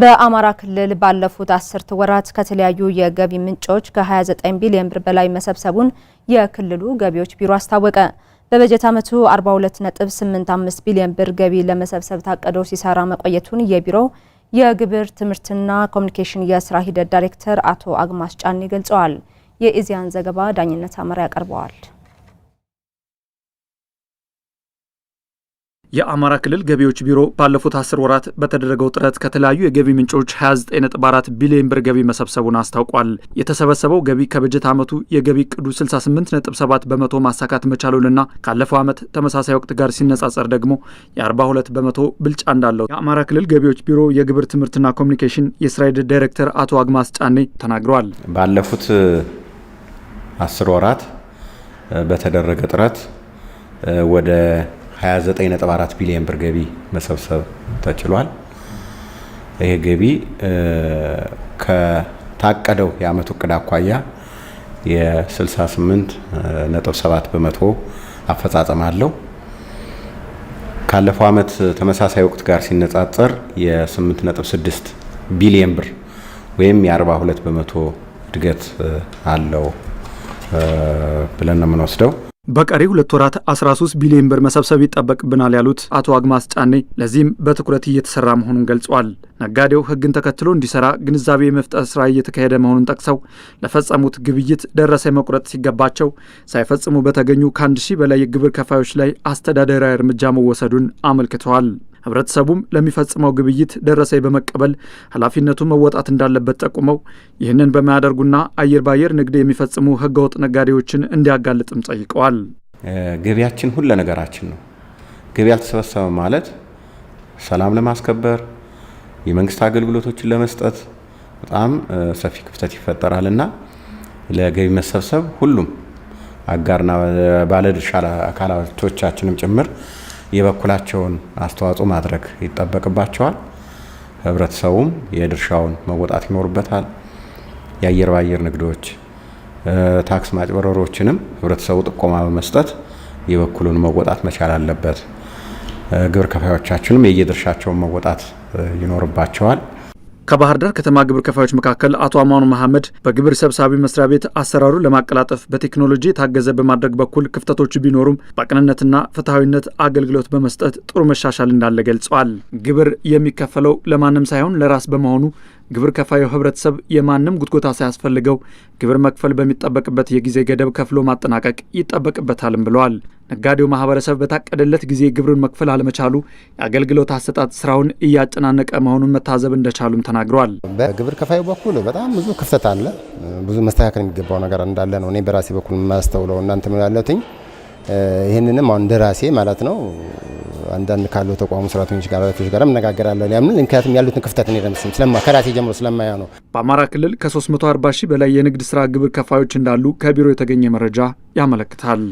በአማራ ክልል ባለፉት አስርት ወራት ከተለያዩ የገቢ ምንጮች ከ29 ቢሊዮን ብር በላይ መሰብሰቡን የክልሉ ገቢዎች ቢሮ አስታወቀ። በበጀት ዓመቱ 42.85 ቢሊዮን ብር ገቢ ለመሰብሰብ ታቀዶ ሲሰራ መቆየቱን የቢሮው የግብር ትምህርትና ኮሚኒኬሽን የስራ ሂደት ዳይሬክተር አቶ አግማስ ጫኔ ገልጸዋል። የኢዚያን ዘገባ ዳኝነት አመራ ያቀርበዋል። የአማራ ክልል ገቢዎች ቢሮ ባለፉት አስር ወራት በተደረገው ጥረት ከተለያዩ የገቢ ምንጮች 294 ቢሊዮን ብር ገቢ መሰብሰቡን አስታውቋል። የተሰበሰበው ገቢ ከበጀት ዓመቱ የገቢ ቅዱ 68.7 በመቶ ማሳካት መቻሉንና ካለፈው ዓመት ተመሳሳይ ወቅት ጋር ሲነጻጸር ደግሞ የ42 በመቶ ብልጫ እንዳለው የአማራ ክልል ገቢዎች ቢሮ የግብር ትምህርትና ኮሚኒኬሽን የስራ ሂደት ዳይሬክተር አቶ አግማስ ጫኔ ተናግረዋል። ባለፉት አስር ወራት በተደረገ ጥረት ወደ 29.4 ቢሊዮን ብር ገቢ መሰብሰብ ተችሏል። ይህ ገቢ ከታቀደው የአመት እቅድ አኳያ የ68.7 በመቶ አፈጻጸም አለው። ካለፈው አመት ተመሳሳይ ወቅት ጋር ሲነጻጸር የ8.6 ቢሊዮን ብር ወይም የ42 በመቶ እድገት አለው ብለን ነው የምንወስደው። በቀሪ ሁለት ወራት 13 ቢሊዮን ብር መሰብሰብ ይጠበቅብናል ያሉት አቶ አግማስ ጫኔ ለዚህም በትኩረት እየተሰራ መሆኑን ገልጸዋል። ነጋዴው ሕግን ተከትሎ እንዲሰራ ግንዛቤ የመፍጠር ስራ እየተካሄደ መሆኑን ጠቅሰው ለፈጸሙት ግብይት ደረሰ መቁረጥ ሲገባቸው ሳይፈጽሙ በተገኙ ከአንድ ሺህ በላይ የግብር ከፋዮች ላይ አስተዳደራዊ እርምጃ መወሰዱን አመልክተዋል። ህብረተሰቡም ለሚፈጽመው ግብይት ደረሰኝ በመቀበል ኃላፊነቱን መወጣት እንዳለበት ጠቁመው ይህንን በማያደርጉና አየር በአየር ንግድ የሚፈጽሙ ህገወጥ ነጋዴዎችን እንዲያጋልጥም ጠይቀዋል። ገቢያችን ሁለ ነገራችን ነው። ገቢ አልተሰበሰበ ማለት ሰላም ለማስከበር የመንግስት አገልግሎቶችን ለመስጠት በጣም ሰፊ ክፍተት ይፈጠራል ለገቢ መሰብሰብ ሁሉም አጋርና ባለድርሻ አካላቶቻችንም ጭምር የበኩላቸውን አስተዋጽኦ ማድረግ ይጠበቅባቸዋል። ህብረተሰቡም የድርሻውን መወጣት ይኖርበታል። የአየር በአየር ንግዶች፣ ታክስ ማጭበረሮችንም ህብረተሰቡ ጥቆማ በመስጠት የበኩሉን መወጣት መቻል አለበት። ግብር ከፋዮቻችንም የየድርሻቸውን መወጣት ይኖርባቸዋል። ከባህር ዳር ከተማ ግብር ከፋዮች መካከል አቶ አማኑ መሐመድ በግብር ሰብሳቢ መስሪያ ቤት አሰራሩ ለማቀላጠፍ በቴክኖሎጂ የታገዘ በማድረግ በኩል ክፍተቶች ቢኖሩም በቅንነትና ፍትሐዊነት አገልግሎት በመስጠት ጥሩ መሻሻል እንዳለ ገልጸዋል። ግብር የሚከፈለው ለማንም ሳይሆን ለራስ በመሆኑ ግብር ከፋዩ ህብረተሰብ የማንም ጉትጎታ ሳያስፈልገው ግብር መክፈል በሚጠበቅበት የጊዜ ገደብ ከፍሎ ማጠናቀቅ ይጠበቅበታልም ብለዋል። ነጋዴው ማህበረሰብ በታቀደለት ጊዜ ግብርን መክፈል አለመቻሉ የአገልግሎት አሰጣጥ ስራውን እያጨናነቀ መሆኑን መታዘብ እንደቻሉም ተናግረዋል። በግብር ከፋዩ በኩል በጣም ብዙ ክፍተት አለ። ብዙ መስተካከል የሚገባው ነገር እንዳለ ነው እኔ በራሴ በኩል የማስተውለው እናንተ ምን ያለትኝ ይህንንም አሁን እንደራሴ ማለት ነው አንዳንድ ካለው ተቋሙ ሰራተኞች ጋር ረቶች ጋር እነጋገራለን። ያምን ምክንያቱም ያሉትን ክፍተት ነው ደምስም ስለማ ከራሴ ጀምሮ ስለማያ ነው። በአማራ ክልል ከ340 ሺህ በላይ የንግድ ስራ ግብር ከፋዮች እንዳሉ ከቢሮ የተገኘ መረጃ ያመለክታል።